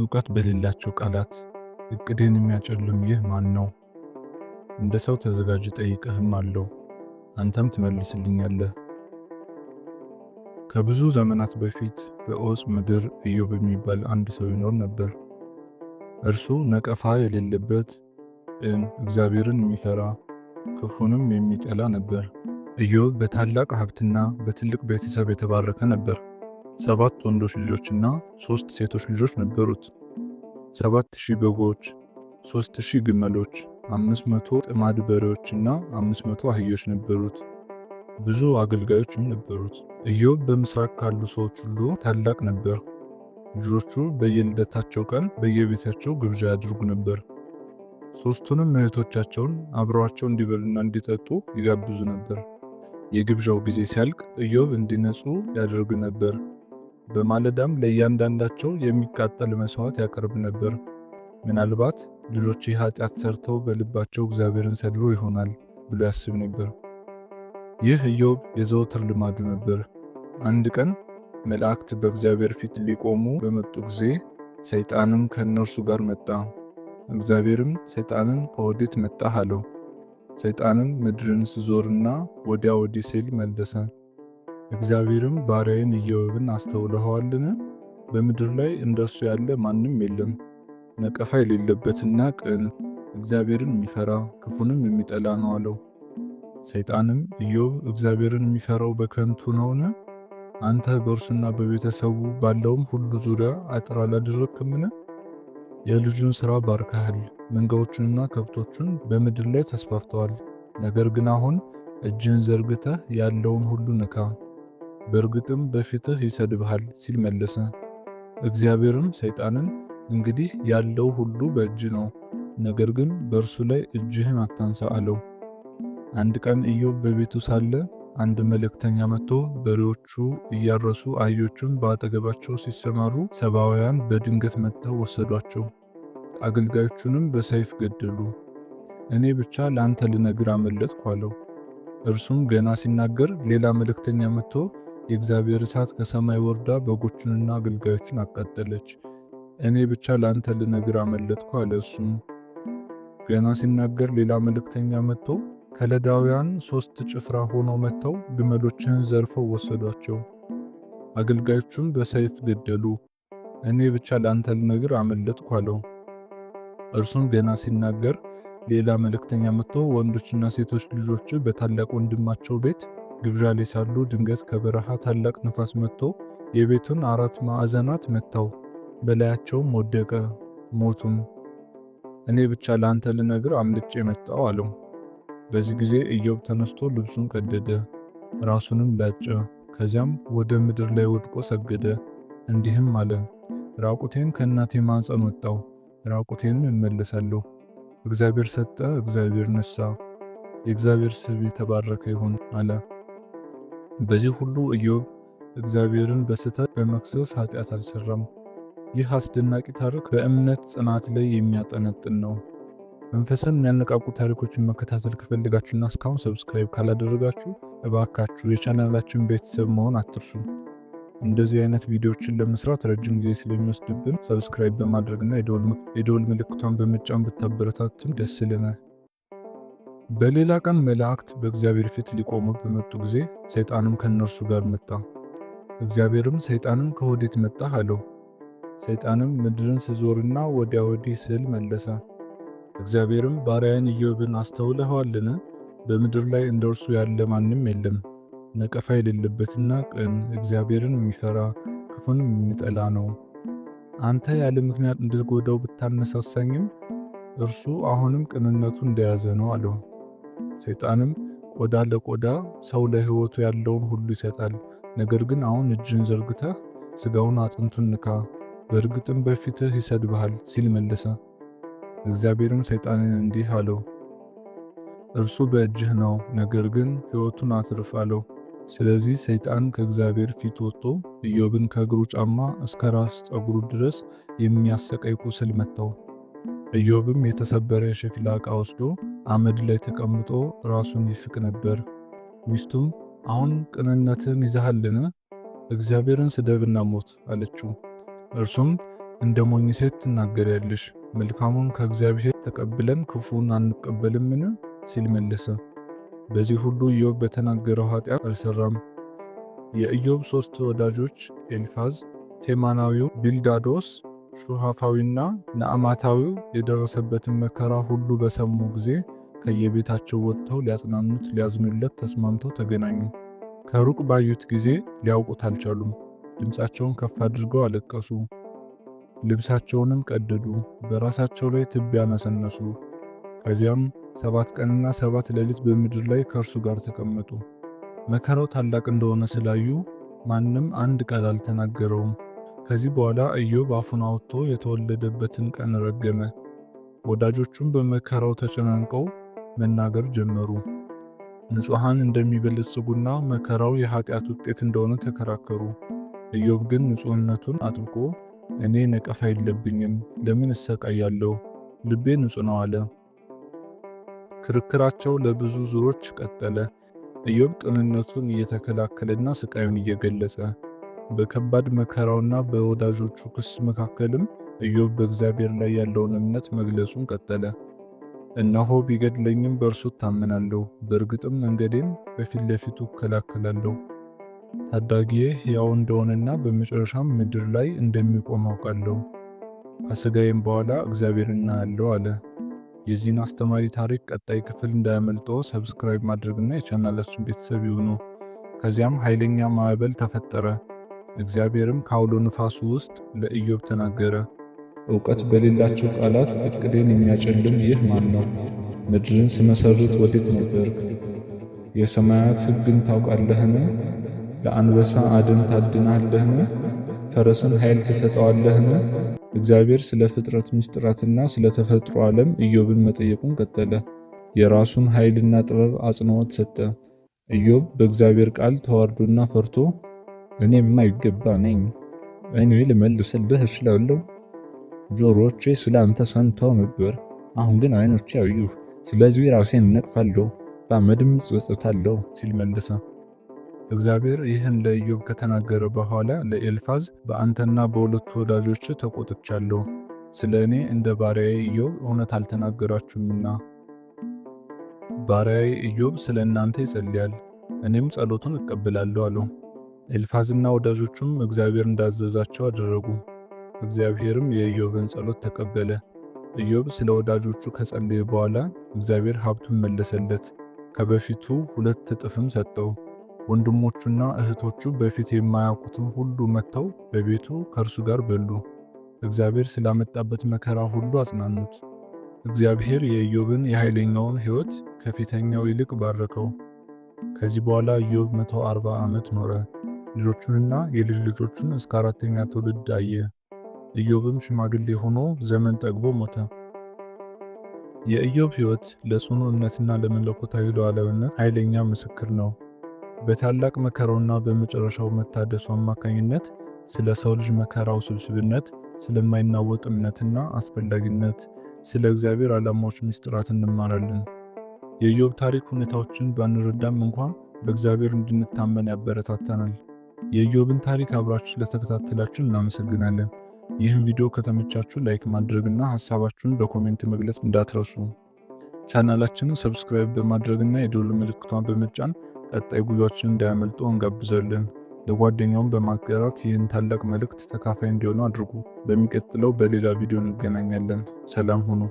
እውቀት በሌላቸው ቃላት እቅድን የሚያጨልም ይህ ማን ነው? እንደ ሰው ተዘጋጅ፣ ጠይቀህም አለው አንተም ትመልስልኛለህ። ከብዙ ዘመናት በፊት በኦስ ምድር ኢዮብ የሚባል አንድ ሰው ይኖር ነበር። እርሱ ነቀፋ የሌለበት ቅን፣ እግዚአብሔርን የሚፈራ ክፉንም የሚጠላ ነበር። ኢዮብ በታላቅ ሀብትና በትልቅ ቤተሰብ የተባረከ ነበር። ሰባት ወንዶች ልጆችና ሶስት ሴቶች ልጆች ነበሩት። ሰባት ሺህ በጎች፣ ሶስት ሺህ ግመሎች፣ አምስት መቶ ጥማድ በሬዎችና አምስት መቶ አህዮች ነበሩት። ብዙ አገልጋዮችም ነበሩት። ኢዮብ በምስራቅ ካሉ ሰዎች ሁሉ ታላቅ ነበር። ልጆቹ በየልደታቸው ቀን በየቤታቸው ግብዣ ያደርጉ ነበር። ሶስቱንም እህቶቻቸውን አብረዋቸው እንዲበሉና እንዲጠጡ ይጋብዙ ነበር። የግብዣው ጊዜ ሲያልቅ እዮብ እንዲነጹ ያደርግ ነበር። በማለዳም ለእያንዳንዳቸው የሚቃጠል መስዋዕት ያቀርብ ነበር። ምናልባት ልጆች ኃጢአት ሰርተው በልባቸው እግዚአብሔርን ሰድበው ይሆናል ብሎ ያስብ ነበር። ይህ ኢዮብ የዘወትር ልማዱ ነበር። አንድ ቀን መላእክት በእግዚአብሔር ፊት ሊቆሙ በመጡ ጊዜ ሰይጣንም ከእነርሱ ጋር መጣ። እግዚአብሔርም ሰይጣንን ከወዴት መጣህ አለው። ሰይጣንም ምድርን ስዞርና ወዲያ ወዲህ ሲል መለሰ። እግዚአብሔርም ባሪያዬን ኢዮብን አስተውለኸዋልን? በምድር ላይ እንደሱ ያለ ማንም የለም፣ ነቀፋ የሌለበትና ቅን እግዚአብሔርን የሚፈራ ክፉንም የሚጠላ ነው አለው። ሰይጣንም ኢዮብ እግዚአብሔርን የሚፈራው በከንቱ ነውን? አንተ በእርሱና በቤተሰቡ ባለውም ሁሉ ዙሪያ አጥር አላደረክምን? የልጁን ሥራ ባርከሃል፣ መንጋዎቹንና ከብቶቹን በምድር ላይ ተስፋፍተዋል። ነገር ግን አሁን እጅን ዘርግተህ ያለውን ሁሉ ንካ በእርግጥም በፊትህ ይሰድብሃል ሲል መለሰ። እግዚአብሔርም ሰይጣንን እንግዲህ ያለው ሁሉ በእጅ ነው፣ ነገር ግን በእርሱ ላይ እጅህን አታንሳ አለው። አንድ ቀን ኢዮብ በቤቱ ሳለ አንድ መልእክተኛ መጥቶ በሬዎቹ እያረሱ አህዮቹን በአጠገባቸው ሲሰማሩ ሰብአውያን በድንገት መጥተው ወሰዷቸው፣ አገልጋዮቹንም በሰይፍ ገደሉ። እኔ ብቻ ለአንተ ልነግር አመለጥኩ አለው። እርሱም ገና ሲናገር ሌላ መልእክተኛ መጥቶ የእግዚአብሔር እሳት ከሰማይ ወርዳ በጎቹንና አገልጋዮችን አቃጠለች። እኔ ብቻ ለአንተ ልነግር አመለጥኩ አለ። እሱም ገና ሲናገር ሌላ መልእክተኛ መጥቶ ከለዳውያን ሶስት ጭፍራ ሆነው መጥተው ግመሎችህን ዘርፈው ወሰዷቸው፣ አገልጋዮቹም በሰይፍ ገደሉ። እኔ ብቻ ለአንተ ልነግር አመለጥኩ አለው። እርሱም ገና ሲናገር ሌላ መልእክተኛ መጥቶ ወንዶችና ሴቶች ልጆች በታላቅ ወንድማቸው ቤት ግብዣ ላይ ሳሉ ድንገት ከበረሃ ታላቅ ነፋስ መጥቶ የቤቱን አራት ማዕዘናት መታው። በላያቸውም ወደቀ፣ ሞቱም። እኔ ብቻ ለአንተ ልነግር አምልጬ መጣው አለው። በዚህ ጊዜ ኢዮብ ተነስቶ ልብሱን ቀደደ፣ ራሱንም ላጨ። ከዚያም ወደ ምድር ላይ ወድቆ ሰገደ፣ እንዲህም አለ ራቁቴን ከእናቴ ማኅፀን ወጣው፣ ራቁቴን እመለሳለሁ። እግዚአብሔር ሰጠ፣ እግዚአብሔር ነሳ፣ የእግዚአብሔር ስም የተባረከ ይሁን አለ። በዚህ ሁሉ ኢዮብ እግዚአብሔርን በስህተት በመክሰስ ኃጢአት አልሰራም። ይህ አስደናቂ ታሪክ በእምነት ጽናት ላይ የሚያጠነጥን ነው። መንፈስን የሚያነቃቁ ታሪኮችን መከታተል ከፈልጋችሁና እስካሁን ሰብስክራይብ ካላደረጋችሁ እባካችሁ የቻናላችን ቤተሰብ መሆን አትርሱም እንደዚህ አይነት ቪዲዮዎችን ለመስራት ረጅም ጊዜ ስለሚወስድብን ሰብስክራይብ በማድረግና የደወል ምልክቷን በመጫን ብታበረታቱን ደስ ይለናል። በሌላ ቀን መላእክት በእግዚአብሔር ፊት ሊቆሙ በመጡ ጊዜ ሰይጣንም ከእነርሱ ጋር መጣ። እግዚአብሔርም ሰይጣንን ከወዴት መጣህ አለው። ሰይጣንም ምድርን ስዞርና ወዲያ ወዲህ ስል መለሰ። እግዚአብሔርም ባሪያን ኢዮብን አስተውለኸዋልን? በምድር ላይ እንደ እርሱ ያለ ማንም የለም፣ ነቀፋ የሌለበትና ቅን፣ እግዚአብሔርን የሚፈራ ክፉንም የሚጠላ ነው። አንተ ያለ ምክንያት እንድትጎዳው ብታነሳሳኝም እርሱ አሁንም ቅንነቱ እንደያዘ ነው አለው። ሰይጣንም ቆዳ ለቆዳ ሰው ለህይወቱ ያለውን ሁሉ ይሰጣል። ነገር ግን አሁን እጅን ዘርግተህ ስጋውን አጥንቱን ንካ፣ በእርግጥም በፊትህ ይሰድብሃል ሲል መለሰ። እግዚአብሔርም ሰይጣንን እንዲህ አለው፣ እርሱ በእጅህ ነው፣ ነገር ግን ህይወቱን አትርፍ አለው። ስለዚህ ሰይጣን ከእግዚአብሔር ፊት ወጥቶ ኢዮብን ከእግሩ ጫማ እስከ ራስ ፀጉሩ ድረስ የሚያሰቀይ ቁስል መታው። ኢዮብም የተሰበረ የሸክላ ዕቃ ወስዶ አመድ ላይ ተቀምጦ ራሱን ይፍቅ ነበር። ሚስቱም አሁን ቅንነትን ይዘሃልን? እግዚአብሔርን ስደብና ሞት አለችው። እርሱም እንደ ሞኝ ሴት ትናገሪያለሽ፣ መልካሙን ከእግዚአብሔር ተቀብለን ክፉን አንቀበልምን? ሲል መለሰ። በዚህ ሁሉ ኢዮብ በተናገረው ኃጢአት አልሰራም። የኢዮብ ሶስት ወዳጆች ኤልፋዝ ቴማናዊው ቢልዳዶስ ሹሃፋዊና ነአማታዊው የደረሰበትን መከራ ሁሉ በሰሙ ጊዜ ከየቤታቸው ወጥተው ሊያጽናኑት ሊያዝኑለት ተስማምተው ተገናኙ። ከሩቅ ባዩት ጊዜ ሊያውቁት አልቻሉም። ድምፃቸውን ከፍ አድርገው አለቀሱ። ልብሳቸውንም ቀደዱ፣ በራሳቸው ላይ ትቢያ ነሰነሱ። ከዚያም ሰባት ቀንና ሰባት ሌሊት በምድር ላይ ከእርሱ ጋር ተቀመጡ። መከራው ታላቅ እንደሆነ ስላዩ ማንም አንድ ቃል አልተናገረውም። ከዚህ በኋላ ኢዮብ አፉን አውጥቶ የተወለደበትን ቀን ረገመ። ወዳጆቹም በመከራው ተጨናንቀው መናገር ጀመሩ። ንጹሐን እንደሚበለጽጉና መከራው የኃጢአት ውጤት እንደሆነ ተከራከሩ። ኢዮብ ግን ንጹህነቱን አጥብቆ እኔ ነቀፋ የለብኝም፣ ለምን እሰቃያለሁ? ልቤ ንጹህ ነው አለ። ክርክራቸው ለብዙ ዙሮች ቀጠለ። ኢዮብ ቅንነቱን እየተከላከለና ስቃዩን እየገለጸ በከባድ መከራውና በወዳጆቹ ክስ መካከልም ኢዮብ በእግዚአብሔር ላይ ያለውን እምነት መግለጹን ቀጠለ። እነሆ ቢገድለኝም በእርሱ እታመናለሁ፣ በእርግጥም መንገዴን በፊት ለፊቱ እከላከላለሁ። ታዳጊዬ ሕያው እንደሆነና በመጨረሻም ምድር ላይ እንደሚቆም አውቃለሁ። ከሥጋዬም በኋላ እግዚአብሔር እናያለሁ አለ። የዚህን አስተማሪ ታሪክ ቀጣይ ክፍል እንዳያመልጦ ሰብስክራይብ ማድረግና የቻናላችን ቤተሰብ ይሁኑ። ከዚያም ኃይለኛ ማዕበል ተፈጠረ። እግዚአብሔርም ከአውሎ ንፋሱ ውስጥ ለኢዮብ ተናገረ። እውቀት በሌላቸው ቃላት እቅዴን የሚያጨልም ይህ ማን ነው? ምድርን ስመሰርት ወዴት ነበር? የሰማያት ሕግን ታውቃለህን? ለአንበሳ አድን ታድናለህን? ፈረስን ኃይል ትሰጠዋለህን? እግዚአብሔር ስለ ፍጥረት ምስጢራትና ስለ ተፈጥሮ ዓለም ኢዮብን መጠየቁን ቀጠለ። የራሱን ኃይልና ጥበብ አጽንዖት ሰጠ። ኢዮብ በእግዚአብሔር ቃል ተዋርዶና ፈርቶ እኔ የማይገባ ነኝ እኔ ልመልስልህ እችላለሁ ጆሮዎቼ ስለ አንተ ሰምተው ነበር፣ አሁን ግን አይኖቼ አዩህ። ስለዚህ ራሴን ነቅፋለሁ፣ በአመድም እጸጸታለሁ ሲል መለሰ። እግዚአብሔር ይህን ለኢዮብ ከተናገረ በኋላ ለኤልፋዝ በአንተና በሁለቱ ወዳጆች ተቆጥቻለሁ፣ ስለ እኔ እንደ ባሪያዬ ኢዮብ እውነት አልተናገራችሁምና ባሪያዬ ኢዮብ ስለ እናንተ ይጸልያል፣ እኔም ጸሎቱን እቀበላለሁ አለው። ኤልፋዝና ወዳጆቹም እግዚአብሔር እንዳዘዛቸው አደረጉ። እግዚአብሔርም የኢዮብን ጸሎት ተቀበለ። ኢዮብ ስለ ወዳጆቹ ከጸለየ በኋላ እግዚአብሔር ሀብቱን መለሰለት፣ ከበፊቱ ሁለት እጥፍም ሰጠው። ወንድሞቹና እህቶቹ በፊት የማያውቁትም ሁሉ መጥተው በቤቱ ከእርሱ ጋር በሉ። እግዚአብሔር ስላመጣበት መከራ ሁሉ አጽናኑት። እግዚአብሔር የኢዮብን የኃይለኛውን ሕይወት ከፊተኛው ይልቅ ባረከው። ከዚህ በኋላ ኢዮብ 140 ዓመት ኖረ። ልጆቹንና የልጅ ልጆቹን እስከ አራተኛ ትውልድ አየ። ኢዮብም ሽማግሌ ሆኖ ዘመን ጠግቦ ሞተ። የኢዮብ ሕይወት ለጽኑ እምነትና ለመለኮታዊ ሉዓላዊነት ኃይለኛ ምስክር ነው። በታላቅ መከራውና በመጨረሻው መታደሱ አማካኝነት ስለ ሰው ልጅ መከራው ስብስብነት፣ ስለማይናወጥ እምነትና አስፈላጊነት፣ ስለ እግዚአብሔር ዓላማዎች ምስጢራት እንማራለን። የኢዮብ ታሪክ ሁኔታዎችን ባንረዳም እንኳ በእግዚአብሔር እንድንታመን ያበረታታናል። የኢዮብን ታሪክ አብራችሁ ስለተከታተላችሁ እናመሰግናለን። ይህን ቪዲዮ ከተመቻችሁ ላይክ ማድረግና ሀሳባችሁን በኮሜንት መግለጽ እንዳትረሱ። ቻናላችንን ሰብስክራይብ በማድረግና የደወል ምልክቷን በመጫን ቀጣይ ጉዟችን እንዳያመልጡ እንጋብዛለን። ለጓደኛውን በማጋራት ይህን ታላቅ መልእክት ተካፋይ እንዲሆኑ አድርጉ። በሚቀጥለው በሌላ ቪዲዮ እንገናኛለን። ሰላም ሁኑ።